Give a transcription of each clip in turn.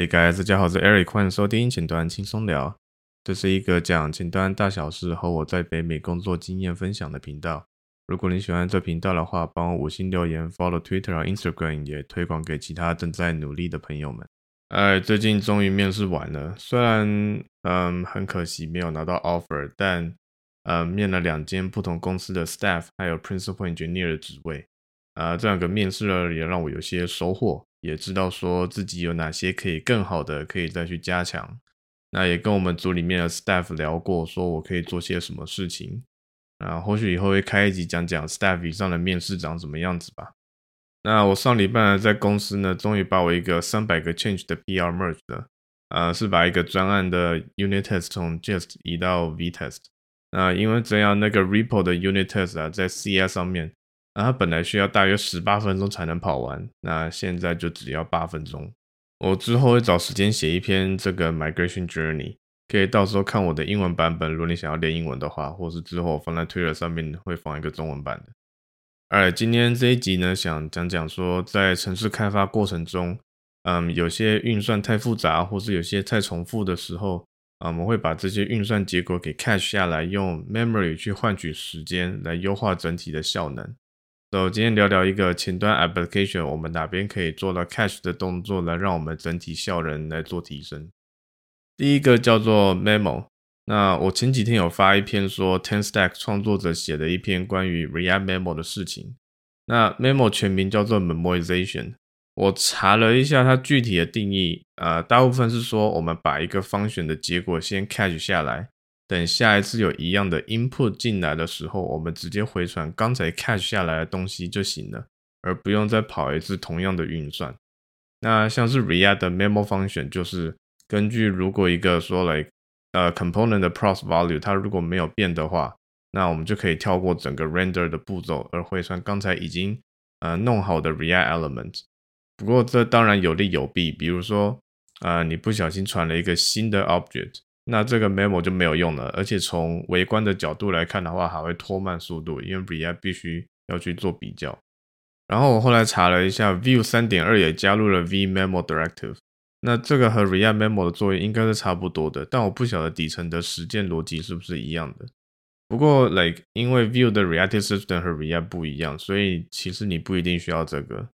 Hey guys，大家好，我是 Eric，歡迎收聽前端輕鬆聊。這是一個講前端大小事和我在北美工作經驗分享的頻道。如果你喜歡這頻道的話，幫我五星留言，follow Twitter 和 Instagram，也推廣給其他正在努力的朋友們。哎、呃，最近終於面試完了，雖然嗯、呃、很可惜沒有拿到 offer，但嗯、呃、面了兩間不同公司的 staff，還有 principal engineer 的職位。啊、呃，這兩個面試了也讓我有些收穫。也知道說自己有哪些可以更好的，可以再去加強，那也跟我們組裡面的 staff 聊過，說我可以做些什麼事情。那或許以後會開一集講講 staff 以上的面試長什麼樣子吧。那我上禮拜在公司呢，終於把我一個三百個 change 的 PR merge 的，了，啊，是把一個專案的 unit test 從 jest 移到 v test。那、啊、因為這樣那個 repo 的 unit test 啊，在 CI 上面。那它、啊、本來需要大約十八分鐘才能跑完，那現在就只要八分鐘。我之後會找時間寫一篇這個 migration journey，可以到時候看我的英文版本。如果你想要練英文的話，或是之後放在 Twitter 上面會放一個中文版的。哎，今天這一集呢，想講講說在程式開發過程中，嗯，有些運算太複雜，或是有些太重複的時候，啊、嗯，我們會把這些運算結果給 cache 下來，用 memory 去換取時間，來優化整體的效能。那、so, 今天聊聊一個前端 application，我們哪邊可以做到 cache 的動作呢？讓我們整體效能來做提升。第一個叫做 memo。那我前幾天有發一篇說 Ten Stack 創作者寫的一篇關於 React memo 的事情。那 memo 全名叫做 memoization。我查了一下它具體的定義，呃，大部分是說我們把一個 function 的結果先 cache 下來。等下一次有一樣的 input 進來的時候，我們直接回傳剛才 cache 下來的東西就行了，而不用再跑一次同樣的運算。那像是 React 的 memo function 就是根據如果一個說來，呃，component 的 props value 它如果沒有變的話，那我們就可以跳過整個 render 的步驟，而回傳剛才已經呃弄好的 React element。不過這當然有利有弊，比如說啊、呃，你不小心傳了一個新的 object。那這個 memo 就沒有用了，而且從微觀的角度來看的話，還會拖慢速度，因為 React 必須要去做比較。然後我後來查了一下，Vue 三點二也加入了 v memo directive，那這個和 React memo 的作用應該是差不多的，但我不曉得底層的實踐邏輯是不是一樣的。不過 like 因為 Vue 的 Reactive System 和 React 不一樣，所以其實你不一定需要這個。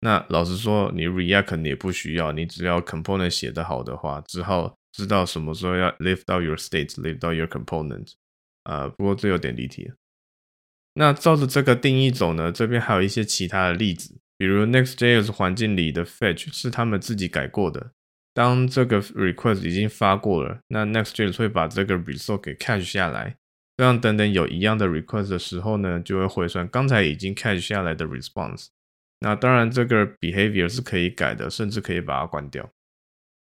那老實說，你 React 你也不需要，你只要 component 寫得好的話，之後。知道什麼時候要 lift 到 your state，lift 到 your component 呃，啊，不過這有點離題。那照着這個定義走呢，這邊還有一些其他的例子，比如 Next.js 環境裡的 fetch 是他們自己改過的。當這個 request 已經發過了，那 Next.js 會把這個 result 給 cache 下來，這樣等等有一樣的 request 的時候呢，就會回傳剛才已經 cache 下來的 response。那當然這個 behavior 是可以改的，甚至可以把它關掉。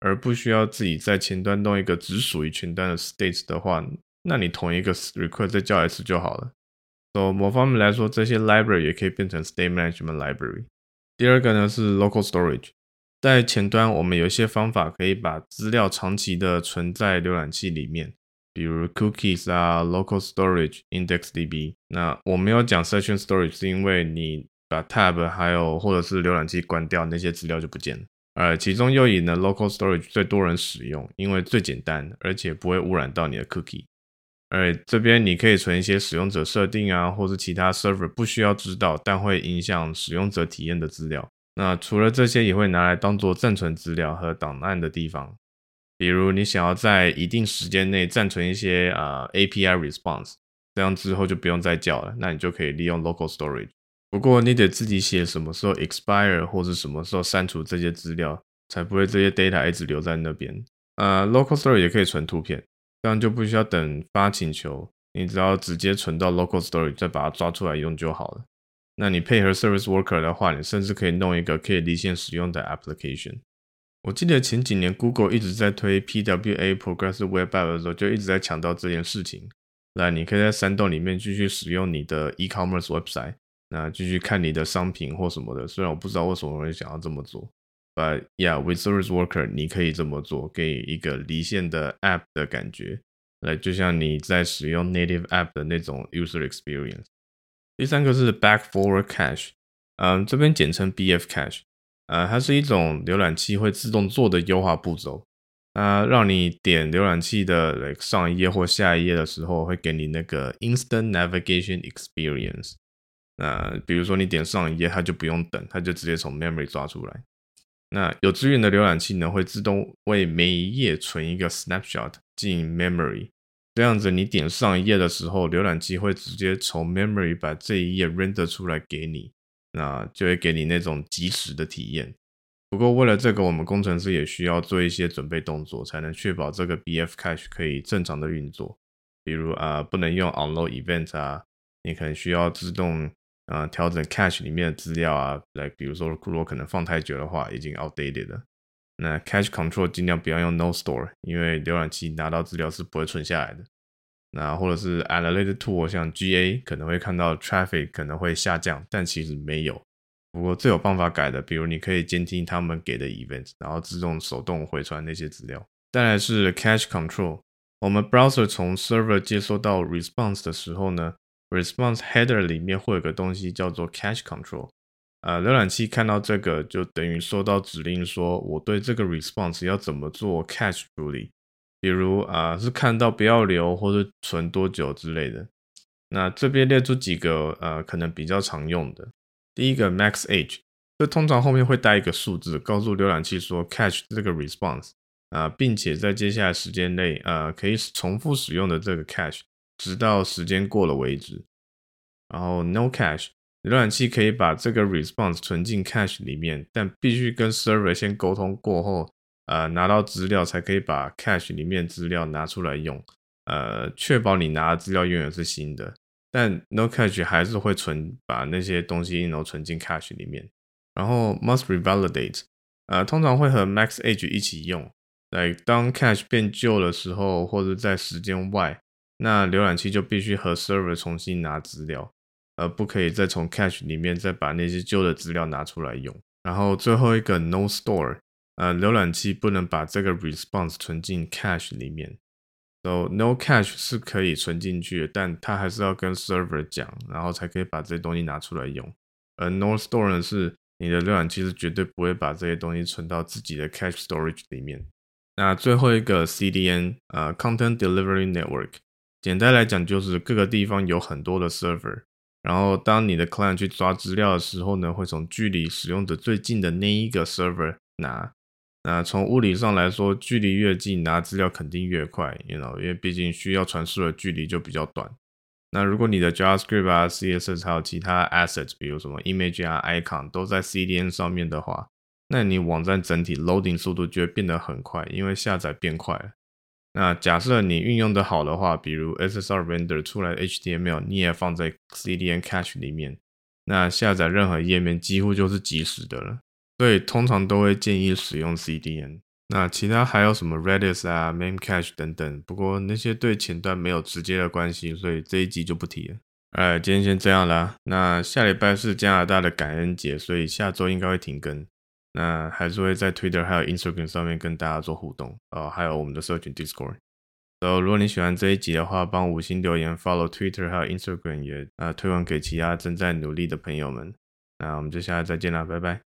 而不需要自己在前端弄一個只屬於前端的 state 的話，那你同一個 request 再叫一次就好了。So 某方面來說，這些 library 也可以變成 state management library。第二個呢是 local storage，在前端我們有一些方法可以把資料長期的存在瀏覽器裡面，比如 cookies 啊，local storage，IndexedDB。那我沒有講 session storage 是因為你把 tab 還有或者是瀏覽器關掉，那些資料就不見了。呃，其中又以呢 local storage 最多人使用，因為最簡單，而且不會汙染到你的 cookie。而這邊你可以存一些使用者設定啊，或是其他 server 不需要知道，但會影響使用者體驗的資料。那除了這些，也會拿來當做暫存資料和檔案的地方。比如你想要在一定時間內暫存一些啊、呃、API response，這樣之後就不用再叫了，那你就可以利用 local storage。不過你得自己寫什麼時候 expire 或者什麼時候刪除這些資料，才不會這些 data 一直留在那邊。呃、uh，local storage 也可以存圖片，這樣就不需要等發請求，你只要直接存到 local storage 再把它抓出來用就好了。那你配合 service worker 的話，你甚至可以弄一個可以離線使用的 application。我記得前幾年 Google 一直在推 PWA progressive web app 的時候，就一直在強調這件事情。來，你可以在山洞裡面繼續使用你的 e-commerce website。那繼續看你的商品或什麼的，雖然我不知道為什麼我會想要這麼做，But yeah，with service worker，你可以這麼做，給一個離線的 app 的感覺，來就像你在使用 native app 的那種 user experience。第三個是 back forward cache，嗯，這邊簡稱 BF cache，呃、嗯，它是一種瀏覽器會自動做的優化步驟，呃、嗯，讓你點瀏覽器的上一頁或下一頁的時候，會給你那個 instant navigation experience。那、呃、比如說你點上一頁，它就不用等，它就直接從 memory 抓出來。那有資源的瀏覽器呢，會自動為每一頁存一個 snapshot 進 memory。這樣子你點上一頁的時候，瀏覽器會直接從 memory 把這一頁 render 出來給你，那、呃、就會給你那種即時的體驗。不過為了這個，我們工程師也需要做一些準備動作，才能確保這個 BF cache 可以正常的運作。比如啊、呃，不能用 unload event 啊，你可能需要自動。啊，調整 cache 裡面的資料啊，來，比如說如果可能放太久的話，已經 outdated 了。那 cache control 儘量不要用 no store，因為瀏覽器拿到資料是不會存下來的。那或者是 analytics tool，像 GA 可能會看到 traffic 可能會下降，但其實沒有。不過最有辦法改的，比如你可以監聽他們給的 events，然後自動手動回傳那些資料。再來是 cache control，我們 browser 從 server 接收到 response 的時候呢。Response header 裡面會有個東西叫做 Cache Control，呃，瀏覽器看到這個就等於收到指令說我對這個 response 要怎麼做 cache 處理，比如啊、呃、是看到不要留或者存多久之類的。那這邊列出幾個呃可能比較常用的，第一個 max-age，這通常後面會帶一個數字，告訴瀏覽器說 cache 這個 response 啊、呃，並且在接下來時間內呃可以重複使用的這個 cache。直到時間過了為止。然後 no cache 瀏覽器可以把這個 response 存進 cache 裡面，但必須跟 server 先溝通過後，呃，拿到資料才可以把 cache 裡面資料拿出來用，呃，確保你拿的資料永遠是新的。但 no cache 還是會存把那些東西都存進 cache 裡面。然後 must revalidate，呃，通常會和 max age 一起用，來當 cache 變舊的時候，或者在時間外。那瀏覽器就必須和 server 重新拿資料，而不可以再從 cache 裡面再把那些舊的資料拿出來用。然後最後一個 no store，呃，瀏覽器不能把這個 response 存進 cache 裡面。So no cache 是可以存進去的，但它還是要跟 server 講，然後才可以把這些東西拿出來用。而 no store 呢，是你的瀏覽器是絕對不會把這些東西存到自己的 cache storage 裡面。那最後一個 CDN，呃，content delivery network。簡單來講，就是各個地方有很多的 server，然後當你的 client 去抓資料的時候呢，會從距離使用者最近的那一個 server 拿。那從物理上來說，距離越近，拿資料肯定越快，you know，因為畢竟需要傳輸的距離就比較短。那如果你的 JavaScript 啊、CSS，還有其他 assets，比如什麼 image 啊、icon 都在 CDN 上面的話，那你網站整體 loading 速度就會變得很快，因為下載變快了。那假設你運用得好的話，比如 SSR render 出來 HTML，你也放在 CDN cache 裡面，那下載任何頁面幾乎就是即時的了。所以通常都會建議使用 CDN。那其他還有什麼 Redis 啊，Memcached 等等，不過那些對前端沒有直接的關係，所以這一集就不提了。哎，今天先這樣啦，那下禮拜是加拿大的感恩節，所以下周應該會停更。那還是會在 Twitter 還有 Instagram 上面跟大家做互動，呃、哦，還有我們的社群 Discord。然後，so，如果你喜歡這一集的話，幫五星留言，follow Twitter 還有 Instagram 也呃推廣給其他正在努力的朋友們。那我們就下次再見啦，拜拜。